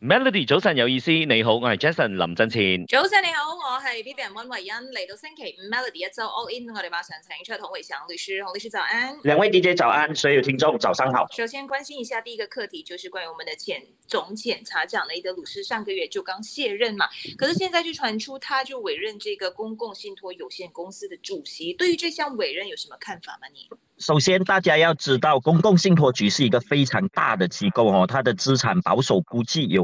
Melody，早晨有意思，你好，我係 Jason 林振前。早晨你好，我係 Vivian 溫慧欣，嚟到星期五 Melody 一周 All In，我哋馬上請出唐偉祥律師，洪律師早安。兩位 DJ 早安，所有聽眾早上好。首先關心一下第一個課題，就是關於我們的前總檢察長依德魯斯，上個月就剛卸任嘛，可是現在就傳出他就委任這個公共信託有限公司的主席，對於這項委任有什麼看法嗎你？你首先大家要知道，公共信託局是一個非常大的機構哦，它的資產保守估計有。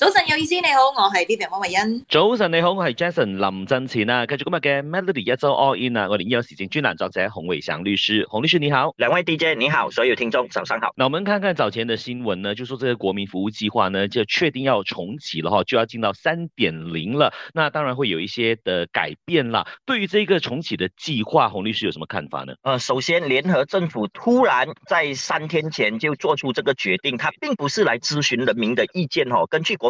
早晨有意思，你好，我是 Peter 溫慧欣。早晨你好，我是 Jason 林振前，呢，繼續今日嘅 Melody 一周 all in 啊，我哋依有時政專欄作者洪偉祥律師，洪律師你好，兩位 DJ 你好，所有聽眾早上好。那我們看看早前的新聞呢，就說這個國民服務計劃呢就確定要重啟啦，哈，就要進到三點零了，那當然會有一些的改變啦。對於這個重啟的計劃，洪律師有什麼看法呢？呃，首先聯合政府突然在三天前就做出這個決定，他並不是來諮詢人民的意見，哦，根據國。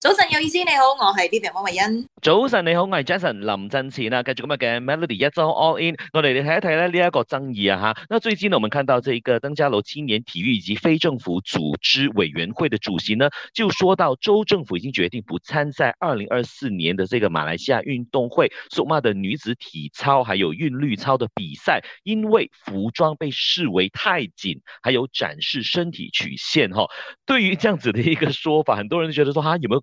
早晨有意思，你好，我係 Vivian 汪慧欣。早晨你好，我是 Jason 林振前啊。繼續今日嘅 Melody 一周 All In，我哋嚟睇一睇咧呢一個爭議啊吓。那最近呢，我們看到這個登嘉樓青年體育以及非政府組織委員會的主席呢，就說到州政府已經決定不參賽二零二四年的這個馬來西亞運動會所辦的女子體操還有韻律操的比賽，因為服裝被視為太緊，還有展示身體曲線。哈，對於這樣子的一個說法，很多人覺得說，哈，有沒有？